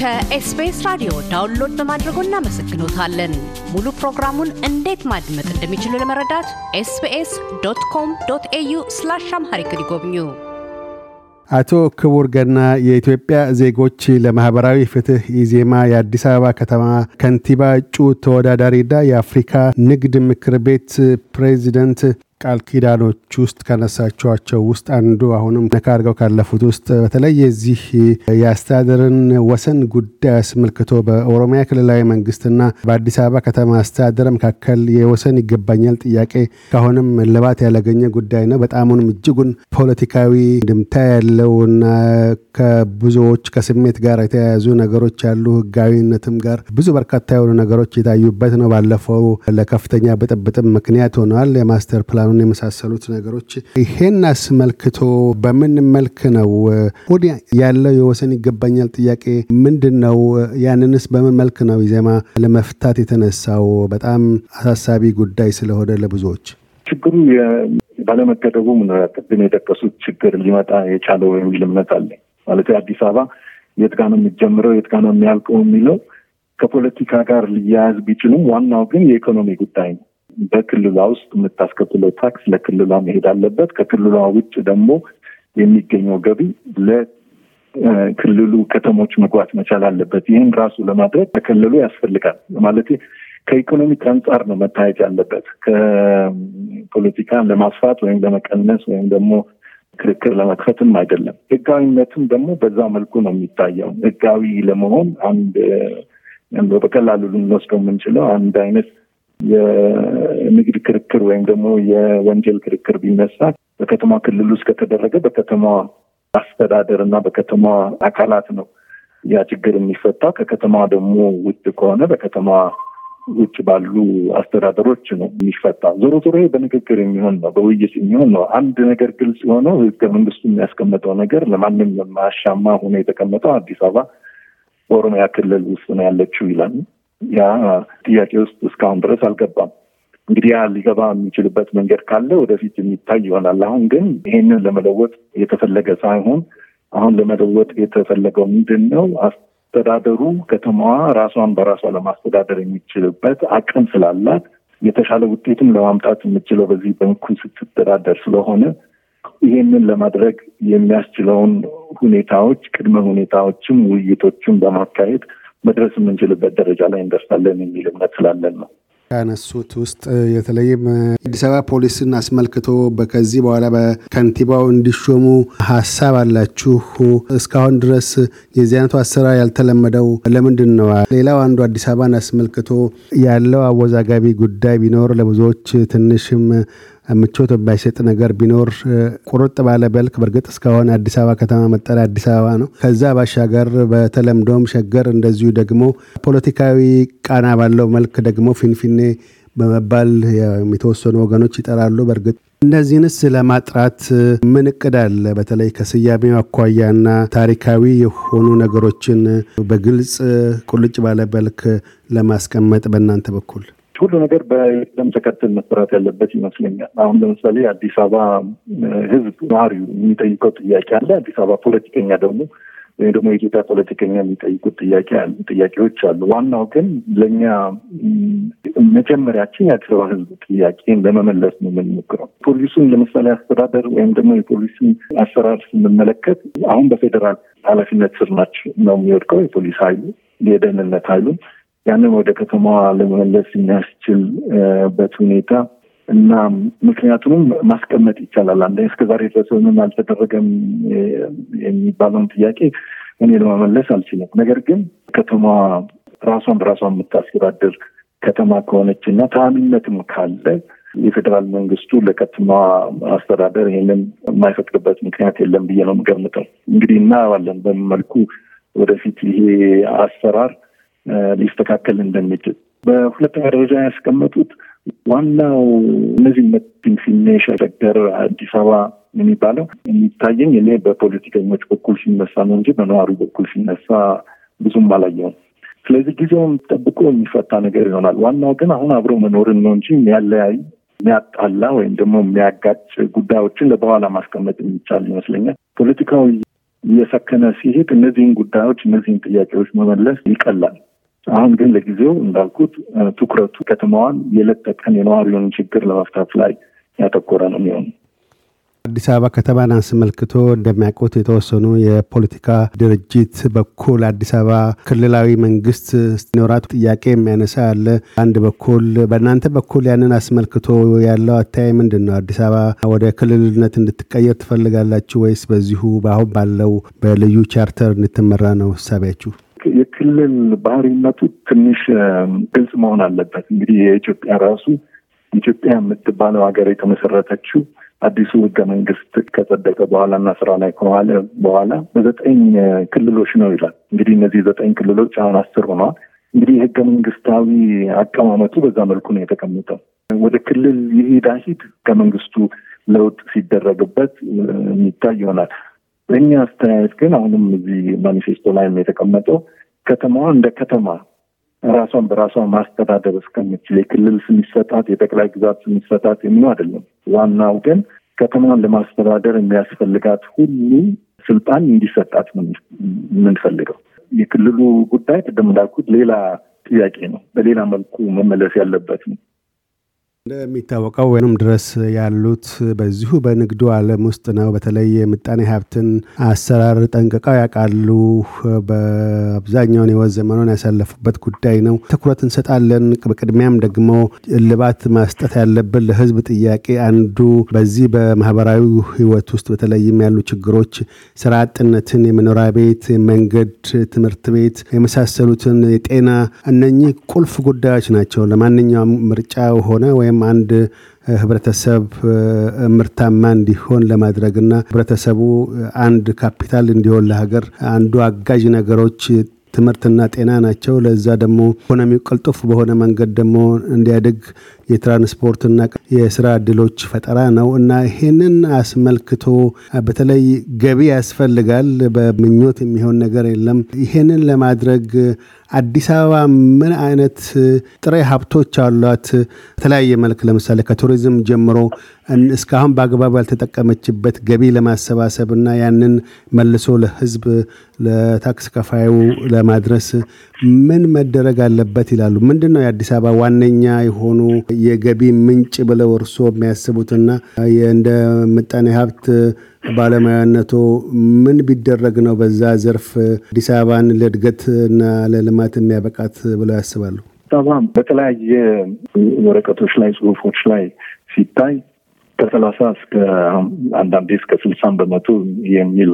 ከኤስቢኤስ ራዲዮ ዳውንሎድ በማድረጎ እናመሰግኖታለን። ሙሉ ፕሮግራሙን እንዴት ማድመጥ እንደሚችሉ ለመረዳት ኤስቢኤስ ዶት ኮም ዶት ኤዩ ስላሽ አምሃሪክ ይጎብኙ። አቶ ክቡር ገና የኢትዮጵያ ዜጎች ለማህበራዊ ፍትህ ኢዜማ የአዲስ አበባ ከተማ ከንቲባ እጩ ተወዳዳሪና የአፍሪካ ንግድ ምክር ቤት ፕሬዚደንት ቃል ኪዳኖች ውስጥ ከነሳችኋቸው ውስጥ አንዱ አሁንም ነካ አድርገው ካለፉት ውስጥ በተለይ የዚህ የአስተዳደርን ወሰን ጉዳይ አስመልክቶ በኦሮሚያ ክልላዊ መንግስትና በአዲስ አበባ ከተማ አስተዳደር መካከል የወሰን ይገባኛል ጥያቄ ከአሁንም ልባት ያላገኘ ጉዳይ ነው። በጣሙንም እጅጉን ፖለቲካዊ ድምታ ያለውና ከብዙዎች ከስሜት ጋር የተያያዙ ነገሮች ያሉ ህጋዊነትም ጋር ብዙ በርካታ የሆኑ ነገሮች የታዩበት ነው። ባለፈው ለከፍተኛ ብጥብጥም ምክንያት ሆነዋል። የማስተር ፕላኑን የመሳሰሉት ነገሮች ይሄን አስመልክቶ በምን መልክ ነው ሁን ያለው የወሰን ይገባኛል ጥያቄ ምንድን ነው? ያንንስ በምን መልክ ነው ኢዜማ ለመፍታት የተነሳው? በጣም አሳሳቢ ጉዳይ ስለሆነ ለብዙዎች ችግሩ ባለመገደቡ ነው የጠቀሱት ችግር ሊመጣ የቻለው የሚል እምነት አለ። ማለት አዲስ አበባ የት ጋ ነው የሚጀምረው የት ጋ ነው የሚያልቀው የሚለው ከፖለቲካ ጋር ሊያያዝ ቢችሉም ዋናው ግን የኢኮኖሚ ጉዳይ ነው። በክልሏ ውስጥ የምታስከትለው ታክስ ለክልሏ መሄድ አለበት። ከክልሏ ውጭ ደግሞ የሚገኘው ገቢ ለክልሉ ከተሞች መግባት መቻል አለበት። ይህን ራሱ ለማድረግ ለክልሉ ያስፈልጋል ማለት ከኢኮኖሚክ አንጻር ነው መታየት ያለበት። ከፖለቲካ ለማስፋት ወይም ለመቀነስ ወይም ደግሞ ክርክር ለመክፈትም አይደለም። ህጋዊነትም ደግሞ በዛ መልኩ ነው የሚታየው። ህጋዊ ለመሆን አንድ በቀላሉ ልንወስደው የምንችለው አንድ አይነት የንግድ ክርክር ወይም ደግሞ የወንጀል ክርክር ቢነሳ በከተማ ክልል ውስጥ ከተደረገ በከተማ አስተዳደር እና በከተማ አካላት ነው ያ ችግር የሚፈታ ከከተማ ደግሞ ውጭ ከሆነ በከተማ ውጭ ባሉ አስተዳደሮች ነው የሚፈታ። ዞሮ ዞሮ በንግግር የሚሆን ነው፣ በውይይት የሚሆን ነው። አንድ ነገር ግልጽ የሆነው ህገ መንግስቱ የሚያስቀምጠው ነገር ለማንም የማያሻማ ሆኖ የተቀመጠው አዲስ አበባ በኦሮሚያ ክልል ውስጥ ነው ያለችው ይላል። ያ ጥያቄ ውስጥ እስካሁን ድረስ አልገባም። እንግዲህ ያ ሊገባ የሚችልበት መንገድ ካለ ወደፊት የሚታይ ይሆናል። አሁን ግን ይሄንን ለመለወጥ የተፈለገ ሳይሆን አሁን ለመለወጥ የተፈለገው ምንድን ነው? አስተዳደሩ ከተማዋ ራሷን በራሷ ለማስተዳደር የሚችልበት አቅም ስላላት የተሻለ ውጤትም ለማምጣት የምችለው በዚህ በምኩ ስትተዳደር ስለሆነ ይህንን ለማድረግ የሚያስችለውን ሁኔታዎች ቅድመ ሁኔታዎችም ውይይቶችን በማካሄድ መድረስ የምንችልበት ደረጃ ላይ እንደርሳለን የሚል እምነት ስላለን ነው። ከነሱት ውስጥ የተለይም አዲስ አበባ ፖሊስን አስመልክቶ ከዚህ በኋላ በከንቲባው እንዲሾሙ ሀሳብ አላችሁ። እስካሁን ድረስ የዚህ አይነቱ አሰራር ያልተለመደው ለምንድን ነው? ሌላው አንዱ አዲስ አበባን አስመልክቶ ያለው አወዛጋቢ ጉዳይ ቢኖር ለብዙዎች ትንሽም ምቾት ባይሰጥ ነገር ቢኖር ቁርጥ ባለ በልክ በእርግጥ እስካሁን አዲስ አበባ ከተማ መጠሪያ አዲስ አበባ ነው። ከዛ ባሻገር በተለምዶም ሸገር፣ እንደዚሁ ደግሞ ፖለቲካዊ ቃና ባለው መልክ ደግሞ ፊንፊኔ በመባል የተወሰኑ ወገኖች ይጠራሉ። በእርግጥ እነዚህንስ ለማጥራት ምን እቅድ አለ? በተለይ ከስያሜው አኳያና ታሪካዊ የሆኑ ነገሮችን በግልጽ ቁልጭ ባለ ለማስቀመጥ በእናንተ በኩል ሁሉ ነገር በቅደም ተከተል መሰራት ያለበት ይመስለኛል። አሁን ለምሳሌ አዲስ አበባ ህዝብ ነዋሪው የሚጠይቀው ጥያቄ አለ። አዲስ አበባ ፖለቲከኛ ደግሞ ወይም ደግሞ የኢትዮጵያ ፖለቲከኛ የሚጠይቁት ጥያቄ ጥያቄዎች አሉ። ዋናው ግን ለእኛ መጀመሪያችን የአዲስ አበባ ህዝብ ጥያቄን ለመመለስ ነው የምንሞክረው። ፖሊሱን ለምሳሌ አስተዳደር ወይም ደግሞ የፖሊሱን አሰራር ስንመለከት አሁን በፌዴራል ኃላፊነት ስር ናቸው ነው የሚወድቀው የፖሊስ ኃይሉ የደህንነት ኃይሉም ያንን ወደ ከተማዋ ለመመለስ የሚያስችልበት ሁኔታ እና ምክንያቱንም ማስቀመጥ ይቻላል። አንድ እስከዛሬ ድረስ አልተደረገም የሚባለውን ጥያቄ እኔ ለመመለስ አልችልም። ነገር ግን ከተማዋ ራሷን በራሷ የምታስተዳድር ከተማ ከሆነች እና ተአሚነትም ካለ የፌዴራል መንግስቱ ለከተማዋ አስተዳደር ይህንን የማይፈቅድበት ምክንያት የለም ብዬ ነው የምገምጠው። እንግዲህ እናያለን በምን መልኩ ወደፊት ይሄ አሰራር ሊስተካከል እንደሚችል በሁለተኛ ደረጃ ያስቀመጡት ዋናው እነዚህ መድን ሲሜሽ አዲስ አበባ የሚባለው የሚታየኝ እኔ በፖለቲከኞች በኩል ሲነሳ ነው እንጂ በነዋሪ በኩል ሲነሳ ብዙም አላየውም። ስለዚህ ጊዜውን ጠብቆ የሚፈታ ነገር ይሆናል። ዋናው ግን አሁን አብሮ መኖርን ነው እንጂ የሚያለያይ የሚያጣላ ወይም ደግሞ የሚያጋጭ ጉዳዮችን ለበኋላ ማስቀመጥ የሚቻል ይመስለኛል። ፖለቲካው እየሰከነ ሲሄድ እነዚህን ጉዳዮች እነዚህን ጥያቄዎች መመለስ ይቀላል። አሁን ግን ለጊዜው እንዳልኩት ትኩረቱ ከተማዋን የዕለት ተቀን የነዋሪውን ችግር ለመፍታት ላይ ያተኮረ ነው የሚሆኑ። አዲስ አበባ ከተማን አስመልክቶ እንደሚያውቁት የተወሰኑ የፖለቲካ ድርጅት በኩል አዲስ አበባ ክልላዊ መንግስት ኖራት ጥያቄ የሚያነሳ አለ። አንድ በኩል በእናንተ በኩል ያንን አስመልክቶ ያለው አታይ ምንድን ነው? አዲስ አበባ ወደ ክልልነት እንድትቀየር ትፈልጋላችሁ ወይስ በዚሁ በአሁን ባለው በልዩ ቻርተር እንድትመራ ነው ሳቢያችሁ የክልል ባህሪነቱ ትንሽ ግልጽ መሆን አለበት። እንግዲህ የኢትዮጵያ ራሱ ኢትዮጵያ የምትባለው ሀገር የተመሰረተችው አዲሱ ህገ መንግስት ከጸደቀ በኋላ እና ስራ ላይ ከዋለ በኋላ በዘጠኝ ክልሎች ነው ይላል። እንግዲህ እነዚህ ዘጠኝ ክልሎች አሁን አስር ሆነዋል። እንግዲህ ሕገ መንግስታዊ አቀማመጡ በዛ መልኩ ነው የተቀመጠው። ወደ ክልል ይሄዳ ሂድ ህገ መንግስቱ ለውጥ ሲደረግበት የሚታይ ይሆናል። በእኛ አስተያየት ግን አሁንም እዚህ ማኒፌስቶ ላይም የተቀመጠው ከተማዋ እንደ ከተማ ራሷን በራሷ ማስተዳደር እስከምችል የክልል ስሚሰጣት የጠቅላይ ግዛት ስሚሰጣት ይሰጣት የሚሉ አይደለም። ዋናው ግን ከተማዋን ለማስተዳደር የሚያስፈልጋት ሁሉ ስልጣን እንዲሰጣት የምንፈልገው። የክልሉ ጉዳይ ቅድም እንዳልኩት ሌላ ጥያቄ ነው። በሌላ መልኩ መመለስ ያለበት ነው። እንደሚታወቀው ወይም ድረስ ያሉት በዚሁ በንግዱ ዓለም ውስጥ ነው። በተለይ የምጣኔ ሀብትን አሰራር ጠንቅቀው ያውቃሉ። በአብዛኛውን የወት ዘመኑን ያሳለፉበት ጉዳይ ነው። ትኩረት እንሰጣለን። በቅድሚያም ደግሞ እልባት ማስጠት ያለብን ለህዝብ ጥያቄ አንዱ በዚህ በማህበራዊ ህይወት ውስጥ በተለይም ያሉ ችግሮች ስራ አጥነትን፣ የመኖሪያ ቤት፣ የመንገድ፣ ትምህርት ቤት የመሳሰሉትን የጤና፣ እነኚህ ቁልፍ ጉዳዮች ናቸው ለማንኛውም ምርጫ ሆነ ወይም ወይም አንድ ህብረተሰብ ምርታማ እንዲሆን ለማድረግና ህብረተሰቡ አንድ ካፒታል እንዲሆን ለሀገር አንዱ አጋዥ ነገሮች ትምህርትና ጤና ናቸው። ለዛ ደግሞ ኢኮኖሚ ቅልጡፍ በሆነ መንገድ ደግሞ እንዲያድግ የትራንስፖርትና የስራ እድሎች ፈጠራ ነው እና ይህንን አስመልክቶ በተለይ ገቢ ያስፈልጋል። በምኞት የሚሆን ነገር የለም። ይህንን ለማድረግ አዲስ አበባ ምን አይነት ጥሬ ሀብቶች አሏት? በተለያየ መልክ ለምሳሌ ከቱሪዝም ጀምሮ እስካሁን በአግባብ ያልተጠቀመችበት ገቢ ለማሰባሰብ እና ያንን መልሶ ለህዝብ ለታክስ ከፋዩ ለማድረስ ምን መደረግ አለበት ይላሉ? ምንድን ነው የአዲስ አበባ ዋነኛ የሆኑ የገቢ ምንጭ ብለው እርስዎ የሚያስቡትና እንደ ምጣኔ ሀብት ባለሙያነቱ ምን ቢደረግ ነው በዛ ዘርፍ አዲስ አበባን ለእድገት እና ለልማት የሚያበቃት ብለው ያስባሉ? በጣም በተለያየ ወረቀቶች ላይ ጽሁፎች ላይ ሲታይ ከሰላሳ እስከ አንዳንዴ እስከ ስልሳን በመቶ የሚል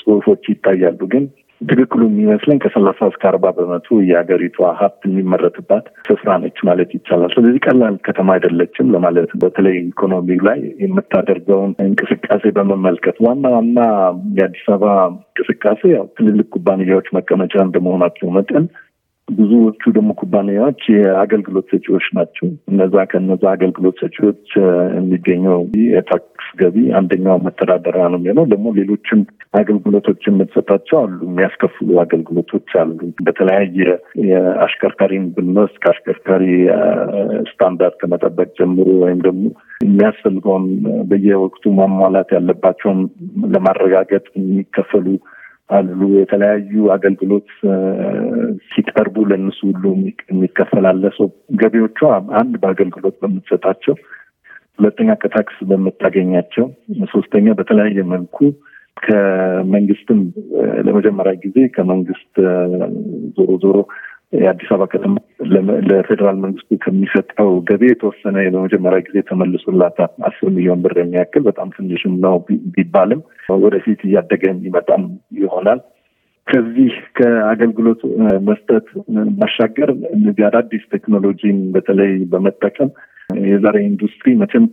ጽሁፎች ይታያሉ። ግን ትክክሉ የሚመስለኝ ከሰላሳ እስከ አርባ በመቶ የሀገሪቷ ሀብት የሚመረትባት ስፍራ ነች ማለት ይቻላል። ስለዚህ ቀላል ከተማ አይደለችም ለማለት በተለይ ኢኮኖሚ ላይ የምታደርገውን እንቅስቃሴ በመመልከት ዋና ዋና የአዲስ አበባ እንቅስቃሴ ያው ትልልቅ ኩባንያዎች መቀመጫ እንደመሆናቸው መጠን ብዙዎቹ ደግሞ ኩባንያዎች የአገልግሎት ሰጪዎች ናቸው። እነዛ ከነዛ አገልግሎት ሰጪዎች የሚገኘው የታክስ ገቢ አንደኛው መተዳደሪያ ነው የሚለው ደግሞ ሌሎችም አገልግሎቶች የምትሰጣቸው አሉ፣ የሚያስከፍሉ አገልግሎቶች አሉ። በተለያየ የአሽከርካሪን ብንወስድ ከአሽከርካሪ ስታንዳርድ ከመጠበቅ ጀምሮ ወይም ደግሞ የሚያስፈልገውን በየወቅቱ ማሟላት ያለባቸውን ለማረጋገጥ የሚከፈሉ አሉ። የተለያዩ አገልግሎት ሲቀርቡ ለእነሱ ሁሉ የሚከፈላለ ሰው ገቢዎቿ አንድ በአገልግሎት በምትሰጣቸው፣ ሁለተኛ ከታክስ በምታገኛቸው፣ ሶስተኛ በተለያየ መልኩ ከመንግስትም ለመጀመሪያ ጊዜ ከመንግስት ዞሮ ዞሮ የአዲስ አበባ ከተማ ለፌዴራል መንግስቱ ከሚሰጠው ገቢ የተወሰነ ለመጀመሪያ ጊዜ ተመልሶላታ አስር ሚሊዮን ብር የሚያክል በጣም ትንሽም ነው ቢባልም ወደፊት እያደገ የሚመጣም ይሆናል። ከዚህ ከአገልግሎት መስጠት ማሻገር እነዚህ አዳዲስ ቴክኖሎጂን በተለይ በመጠቀም የዛሬ ኢንዱስትሪ መቼም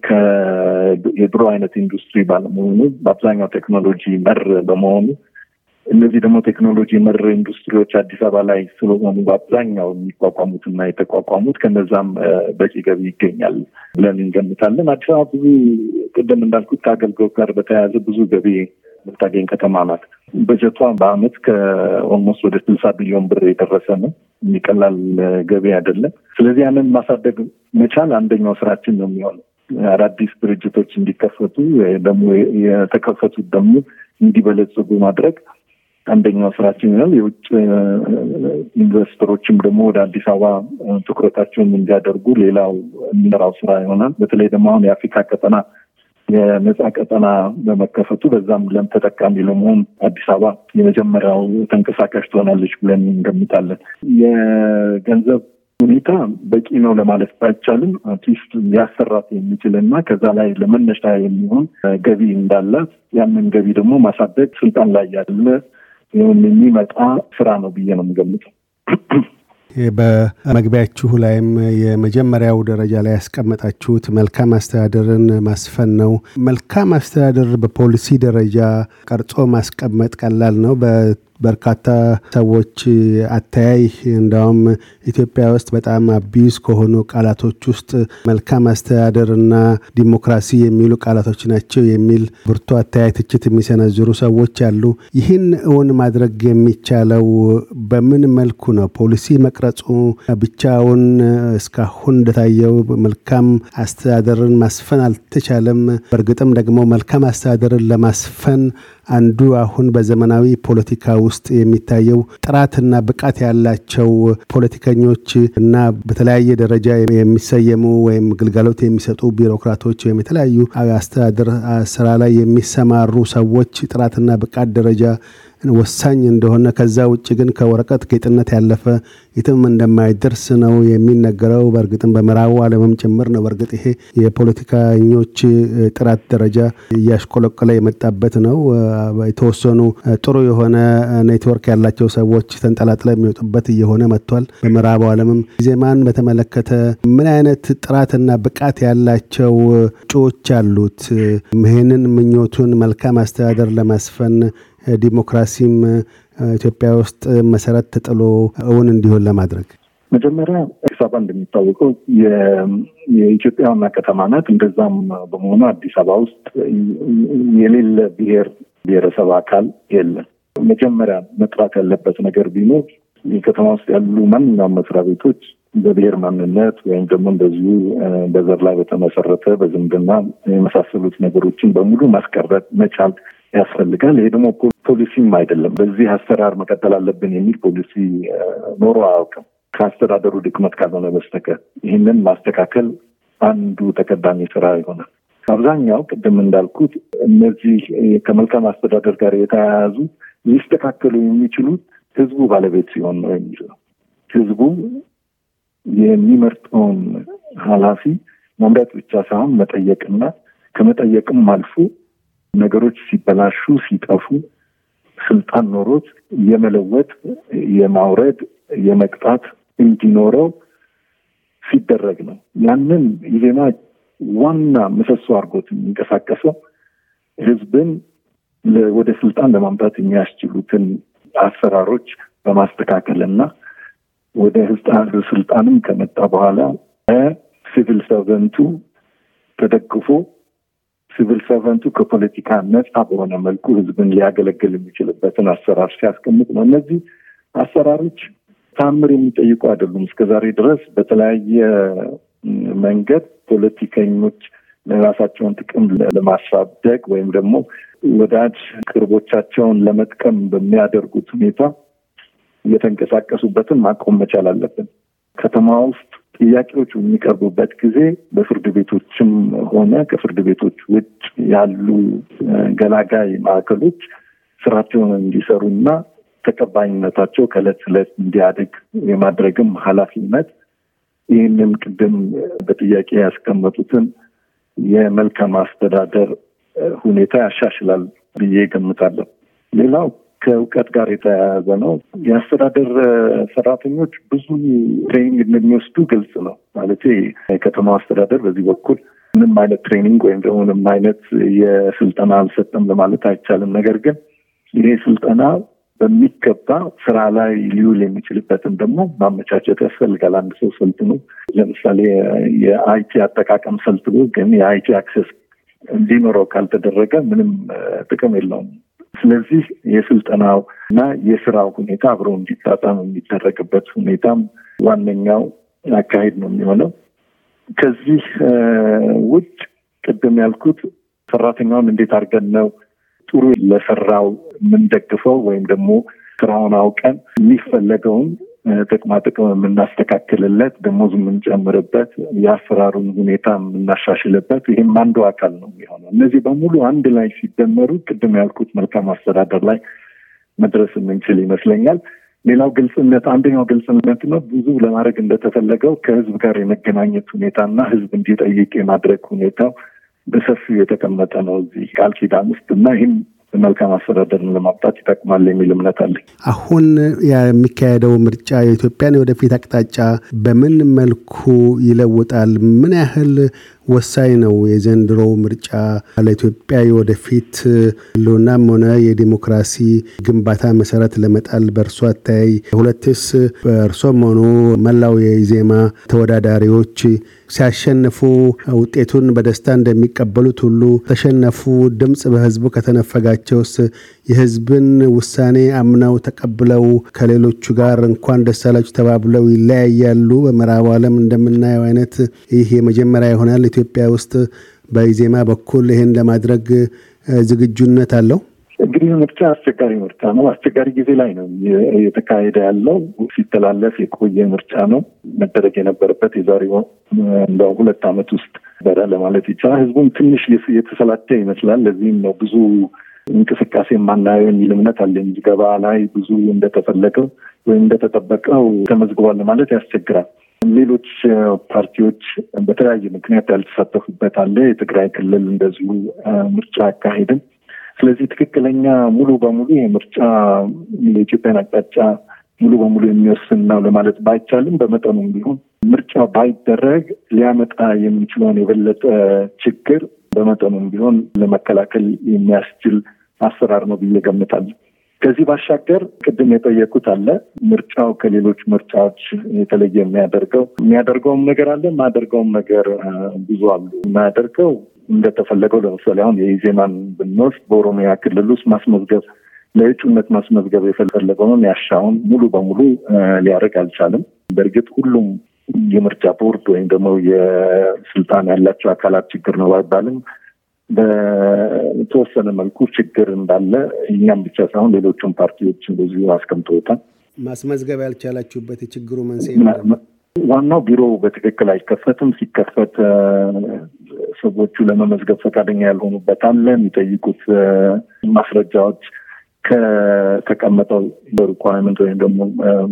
የድሮ አይነት ኢንዱስትሪ ባለመሆኑ በአብዛኛው ቴክኖሎጂ መር በመሆኑ እነዚህ ደግሞ ቴክኖሎጂ መር ኢንዱስትሪዎች አዲስ አበባ ላይ ስለሆኑ በአብዛኛው የሚቋቋሙት እና የተቋቋሙት ከነዛም በቂ ገቢ ይገኛል ብለን እንገምታለን። አዲስ አበባ ብዙ ቅድም እንዳልኩት ከአገልግሎት ጋር በተያያዘ ብዙ ገቢ የምታገኝ ከተማ ናት። በጀቷ በአመት ከኦልሞስት ወደ ስልሳ ቢሊዮን ብር የደረሰ ነው። የሚቀላል ገቢ አይደለም። ስለዚህ ያንን ማሳደግ መቻል አንደኛው ስራችን ነው የሚሆነው አዳዲስ ድርጅቶች እንዲከፈቱ ደግሞ የተከፈቱት ደግሞ እንዲበለጽጉ ማድረግ አንደኛው ስራችን ይሆናል። የውጭ ኢንቨስተሮችም ደግሞ ወደ አዲስ አበባ ትኩረታቸውን እንዲያደርጉ ሌላው የሚመራው ስራ ይሆናል። በተለይ ደግሞ አሁን የአፍሪካ ቀጠና የነፃ ቀጠና በመከፈቱ በዛም ለም ተጠቃሚ ለመሆን አዲስ አበባ የመጀመሪያው ተንቀሳቃሽ ትሆናለች ብለን እንገምታለን። የገንዘብ ሁኔታ በቂ ነው ለማለት ባይቻልም አትሊስት ሊያሰራት የሚችል እና ከዛ ላይ ለመነሻ የሚሆን ገቢ እንዳላት ያንን ገቢ ደግሞ ማሳደግ ስልጣን ላይ ያለ የሚመጣ ስራ ነው ብዬ ነው የምገምተው። በመግቢያችሁ ላይም የመጀመሪያው ደረጃ ላይ ያስቀመጣችሁት መልካም አስተዳደርን ማስፈን ነው። መልካም አስተዳደር በፖሊሲ ደረጃ ቀርጾ ማስቀመጥ ቀላል ነው። በርካታ ሰዎች አተያይ እንደውም ኢትዮጵያ ውስጥ በጣም አቢዩዝ ከሆኑ ቃላቶች ውስጥ መልካም አስተዳደር እና ዲሞክራሲ የሚሉ ቃላቶች ናቸው የሚል ብርቱ አተያይ ትችት የሚሰነዝሩ ሰዎች አሉ። ይህን እውን ማድረግ የሚቻለው በምን መልኩ ነው? ፖሊሲ መቅረጹ ብቻውን እስካሁን እንደታየው መልካም አስተዳደርን ማስፈን አልተቻለም። በእርግጥም ደግሞ መልካም አስተዳደርን ለማስፈን አንዱ አሁን በዘመናዊ ፖለቲካ ውስጥ የሚታየው ጥራትና ብቃት ያላቸው ፖለቲከኞች እና በተለያየ ደረጃ የሚሰየሙ ወይም ግልጋሎት የሚሰጡ ቢሮክራቶች ወይም የተለያዩ አስተዳደር ስራ ላይ የሚሰማሩ ሰዎች ጥራትና ብቃት ደረጃ ወሳኝ እንደሆነ ከዛ ውጭ ግን ከወረቀት ጌጥነት ያለፈ የትም እንደማይደርስ ነው የሚነገረው። በእርግጥም በምዕራቡ ዓለምም ጭምር ነው። በእርግጥ ይሄ የፖለቲከኞች ጥራት ደረጃ እያሽቆለቆለ የመጣበት ነው። የተወሰኑ ጥሩ የሆነ ኔትወርክ ያላቸው ሰዎች ተንጠላጥለው የሚወጡበት እየሆነ መጥቷል። በምዕራቡ ዓለምም ኢዜማን በተመለከተ ምን አይነት ጥራትና ብቃት ያላቸው እጩዎች አሉት? ይህንን ምኞቱን መልካም አስተዳደር ለማስፈን ዲሞክራሲም ኢትዮጵያ ውስጥ መሰረት ተጥሎ እውን እንዲሆን ለማድረግ መጀመሪያ አዲስ አበባ እንደሚታወቀው የኢትዮጵያ ዋና ከተማ ናት። እንደዛም በመሆኑ አዲስ አበባ ውስጥ የሌለ ብሔር ብሔረሰብ አካል የለም። መጀመሪያ መጥራት ያለበት ነገር ቢኖር የከተማ ውስጥ ያሉ ማንኛውም መስሪያ ቤቶች በብሔር ማንነት ወይም ደግሞ እንደዚሁ በዘር ላይ በተመሰረተ በዝምድና የመሳሰሉት ነገሮችን በሙሉ ማስቀረት መቻል ያስፈልጋል። ይሄ ደግሞ ፖሊሲም አይደለም። በዚህ አሰራር መቀጠል አለብን የሚል ፖሊሲ ኖሮ አያውቅም ከአስተዳደሩ ድክመት ካልሆነ በስተቀር ይህንን ማስተካከል አንዱ ተቀዳሚ ስራ ይሆናል። አብዛኛው ቅድም እንዳልኩት እነዚህ ከመልካም አስተዳደር ጋር የተያያዙ ሊስተካከሉ የሚችሉት ህዝቡ ባለቤት ሲሆን ነው የሚል ህዝቡ የሚመርጠውን ኃላፊ መምረጥ ብቻ ሳይሆን መጠየቅና ከመጠየቅም አልፎ ነገሮች ሲበላሹ ሲጠፉ ስልጣን ኖሮት የመለወጥ የማውረድ የመቅጣት እንዲኖረው ሲደረግ ነው። ያንን ኢዜማ ዋና ምሰሶ አድርጎት የሚንቀሳቀሰው ህዝብን ወደ ስልጣን ለማምጣት የሚያስችሉትን አሰራሮች በማስተካከል እና ወደ ስልጣንም ከመጣ በኋላ ሲቪል ሰርቨንቱ ተደግፎ ሲቪል ሰርቨንቱ ከፖለቲካ ነፃ በሆነ መልኩ ህዝብን ሊያገለግል የሚችልበትን አሰራር ሲያስቀምጥ ነው። እነዚህ አሰራሮች ታምር የሚጠይቁ አይደሉም። እስከዛሬ ድረስ በተለያየ መንገድ ፖለቲከኞች የራሳቸውን ጥቅም ለማሳደግ ወይም ደግሞ ወዳጅ ቅርቦቻቸውን ለመጥቀም በሚያደርጉት ሁኔታ እየተንቀሳቀሱበትን ማቆም መቻል አለብን። ከተማ ውስጥ ጥያቄዎቹ የሚቀርቡበት ጊዜ በፍርድ ቤቶችም ሆነ ከፍርድ ቤቶች ውጭ ያሉ ገላጋይ ማዕከሎች ስራቸውን እንዲሰሩና ተቀባይነታቸው ከእለት እለት እንዲያድግ የማድረግም ኃላፊነት ይህንም ቅድም በጥያቄ ያስቀመጡትን የመልካም አስተዳደር ሁኔታ ያሻሽላል ብዬ ገምታለሁ። ሌላው ከእውቀት ጋር የተያያዘ ነው። የአስተዳደር ሰራተኞች ብዙ ትሬኒንግ እንደሚወስዱ ግልጽ ነው። ማለት የከተማው አስተዳደር በዚህ በኩል ምንም አይነት ትሬኒንግ ወይም ደግሞ ምንም አይነት የስልጠና አልሰጠም ለማለት አይቻልም። ነገር ግን ይሄ ስልጠና በሚገባ ስራ ላይ ሊውል የሚችልበትን ደግሞ ማመቻቸት ያስፈልጋል። አንድ ሰው ሰልጥኖ ለምሳሌ የአይቲ አጠቃቀም ሰልጥኖ ግን የአይቲ አክሰስ እንዲኖረው ካልተደረገ ምንም ጥቅም የለውም። ስለዚህ የስልጠናው እና የስራው ሁኔታ አብሮ እንዲጣጣም የሚደረግበት ሁኔታም ዋነኛው አካሄድ ነው የሚሆነው። ከዚህ ውጭ ቅድም ያልኩት ሰራተኛውን እንዴት አድርገን ነው ጥሩ ለሰራው የምንደግፈው ወይም ደግሞ ስራውን አውቀን የሚፈለገውን ጥቅማ ጥቅም የምናስተካክልለት፣ ደሞዝ የምንጨምርበት፣ የአሰራሩን ሁኔታ የምናሻሽልበት ይህም አንዱ አካል ነው የሚሆነው። እነዚህ በሙሉ አንድ ላይ ሲደመሩ ቅድም ያልኩት መልካም አስተዳደር ላይ መድረስ የምንችል ይመስለኛል። ሌላው ግልጽነት፣ አንደኛው ግልጽነት ነው። ብዙ ለማድረግ እንደተፈለገው ከህዝብ ጋር የመገናኘት ሁኔታና ህዝብ እንዲጠይቅ የማድረግ ሁኔታው በሰፊው የተቀመጠ ነው እዚህ ቃል ኪዳን ውስጥ እና ይህም መልካም አስተዳደርን ለማምጣት ይጠቅማል የሚል እምነት አለኝ። አሁን የሚካሄደው ምርጫ የኢትዮጵያን የወደፊት አቅጣጫ በምን መልኩ ይለውጣል? ምን ያህል ወሳኝ ነው። የዘንድሮ ምርጫ ለኢትዮጵያ የወደፊት ህልውናም ሆነ የዲሞክራሲ ግንባታ መሰረት ለመጣል በእርሶ አታይ ሁለትስ እርሶም ሆኑ መላው የኢዜማ ተወዳዳሪዎች ሲያሸንፉ ውጤቱን በደስታ እንደሚቀበሉት ሁሉ ተሸነፉ ድምፅ በህዝቡ ከተነፈጋቸውስ የህዝብን ውሳኔ አምነው ተቀብለው ከሌሎቹ ጋር እንኳን ደሳላች ተባብለው ይለያያሉ። በምዕራቡ ዓለም እንደምናየው አይነት ይህ የመጀመሪያ ይሆናል። ኢትዮጵያ ውስጥ በኢዜማ በኩል ይህን ለማድረግ ዝግጁነት አለው። እንግዲህ ምርጫ አስቸጋሪ ምርጫ ነው። አስቸጋሪ ጊዜ ላይ ነው እየተካሄደ ያለው። ሲተላለፍ የቆየ ምርጫ ነው። መደረግ የነበረበት የዛሬው እንደው ሁለት ዓመት ውስጥ በዳ ለማለት ይቻላል። ህዝቡም ትንሽ የተሰላቸ ይመስላል። ለዚህም ነው ብዙ እንቅስቃሴ የማናየው የሚል እምነት አለኝ። ገባ ላይ ብዙ እንደተፈለገው ወይም እንደተጠበቀው ተመዝግቧል ማለት ያስቸግራል። ሌሎች ፓርቲዎች በተለያየ ምክንያት ያልተሳተፉበት አለ። የትግራይ ክልል እንደዚሁ ምርጫ አካሄድም። ስለዚህ ትክክለኛ ሙሉ በሙሉ የምርጫ የኢትዮጵያን አቅጣጫ ሙሉ በሙሉ የሚወስን ነው ለማለት ባይቻልም በመጠኑም ቢሆን ምርጫ ባይደረግ ሊያመጣ የሚችለውን የበለጠ ችግር በመጠኑም ቢሆን ለመከላከል የሚያስችል አሰራር ነው ብዬ ገምታለሁ። ከዚህ ባሻገር ቅድም የጠየቁት አለ ምርጫው ከሌሎች ምርጫዎች የተለየ የሚያደርገው የሚያደርገውም ነገር አለ የማያደርገውም ነገር ብዙ አሉ። የማያደርገው እንደተፈለገው ለምሳሌ አሁን የኢዜማን ብንወስድ በኦሮሚያ ክልል ውስጥ ማስመዝገብ ለእጩነት ማስመዝገብ የፈለገውን ያሻውን ሙሉ በሙሉ ሊያደርግ አልቻለም። በእርግጥ ሁሉም የምርጫ ቦርድ ወይም ደግሞ የስልጣን ያላቸው አካላት ችግር ነው ባይባልም በተወሰነ መልኩ ችግር እንዳለ እኛም ብቻ ሳይሆን ሌሎቹን ፓርቲዎች እንደዚሁ አስቀምጠውታል። ማስመዝገብ ያልቻላችሁበት የችግሩ መንስኤ ዋናው ቢሮ በትክክል አይከፈትም። ሲከፈት ሰዎቹ ለመመዝገብ ፈቃደኛ ያልሆኑበት አለ። የሚጠይቁት ማስረጃዎች ከተቀመጠው በሪኳርመንት ወይም ደግሞ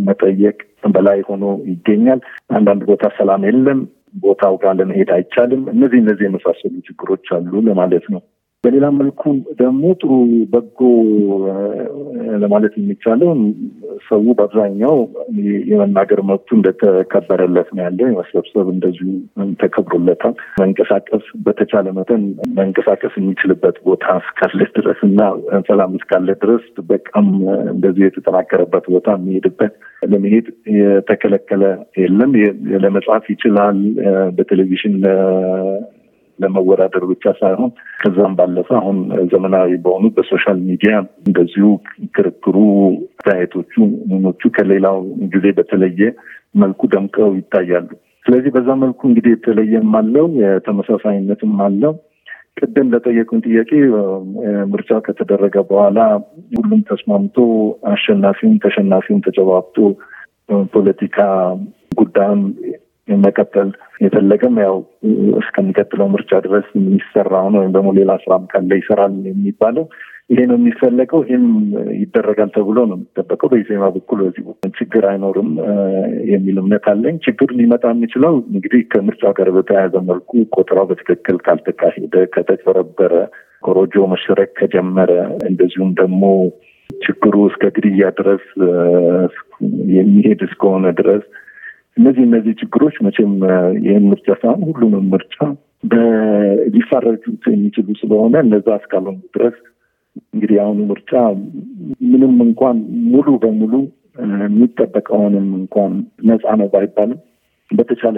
መጠየቅ በላይ ሆኖ ይገኛል። አንዳንድ ቦታ ሰላም የለም። ቦታው ጋር ለመሄድ አይቻልም። እነዚህ እነዚህ የመሳሰሉ ችግሮች አሉ ለማለት ነው። በሌላ መልኩ ደግሞ ጥሩ በጎ ለማለት የሚቻለው ሰው በአብዛኛው የመናገር መብቱ እንደተከበረለት ነው ያለው። የመሰብሰብ እንደዚሁ ተከብሮለታል። መንቀሳቀስ በተቻለ መጠን መንቀሳቀስ የሚችልበት ቦታ እስካለ ድረስ እና ሰላም እስካለ ድረስ በቃም እንደዚሁ የተጠናከረበት ቦታ የሚሄድበት ለመሄድ የተከለከለ የለም። ለመጻፍ ይችላል። በቴሌቪዥን ለመወዳደር ብቻ ሳይሆን ከዛም ባለፈ አሁን ዘመናዊ በሆኑ በሶሻል ሚዲያ እንደዚሁ ክርክሩ፣ አስተያየቶቹ፣ ምኖቹ ከሌላው ጊዜ በተለየ መልኩ ደምቀው ይታያሉ። ስለዚህ በዛ መልኩ እንግዲህ የተለየም አለው የተመሳሳይነትም አለው። ቅድም ለጠየቁን ጥያቄ ምርጫ ከተደረገ በኋላ ሁሉም ተስማምቶ አሸናፊውም ተሸናፊውም ተጨባብጦ ፖለቲካ ጉዳዩን መቀጠል የፈለገም ያው እስከሚቀጥለው ምርጫ ድረስ ነው ወይም ደግሞ ሌላ ስራም ካለ ይሰራል የሚባለው ይሄ ነው የሚፈለገው። ይህም ይደረጋል ተብሎ ነው የሚጠበቀው። በኢዜማ በኩል በዚህ ችግር አይኖርም የሚል እምነት አለኝ። ችግር ሊመጣ የሚችለው እንግዲህ ከምርጫ ጋር በተያያዘ መልኩ ቆጠራው በትክክል ካልተካሄደ፣ ከተጭበረበረ፣ ኮሮጆ መሸረክ ከጀመረ እንደዚሁም ደግሞ ችግሩ እስከ ግድያ ድረስ የሚሄድ እስከሆነ ድረስ እነዚህ እነዚህ ችግሮች መቼም ይህን ምርጫ ሳይሆን ሁሉንም ምርጫ ሊፈረጁት የሚችሉ ስለሆነ እነዛ እስካልሆኑ ድረስ እንግዲህ አሁኑ ምርጫ ምንም እንኳን ሙሉ በሙሉ የሚጠበቀውንም እንኳን ነፃ ነው ባይባልም በተቻለ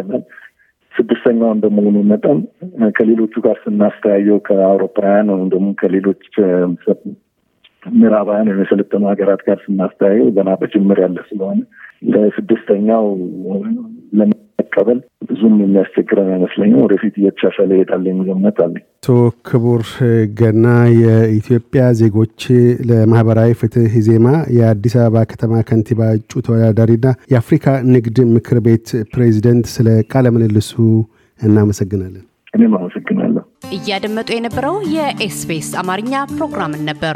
ስድስተኛው እንደመሆኑ መጠን ከሌሎቹ ጋር ስናስተያየው ከአውሮፓውያን ወይም ደግሞ ከሌሎች ምዕራባውያን የሰለጠኑ ሀገራት ጋር ስናስተያየው ገና በጅምር ያለ ስለሆነ ለስድስተኛው ለመቀበል ብዙም የሚያስቸግረን አይመስለኝም። ወደፊት እየተሻሻለ ይሄዳል የሚል እምነት አለኝ። አቶ ክቡር ገና የኢትዮጵያ ዜጎች ለማህበራዊ ፍትህ ኢዜማ የአዲስ አበባ ከተማ ከንቲባ እጩ ተወዳዳሪና የአፍሪካ ንግድ ምክር ቤት ፕሬዚደንት፣ ስለ ቃለ ምልልሱ እናመሰግናለን። እኔም አመሰግናለሁ። እያደመጡ የነበረው የኤስቢኤስ አማርኛ ፕሮግራምን ነበር።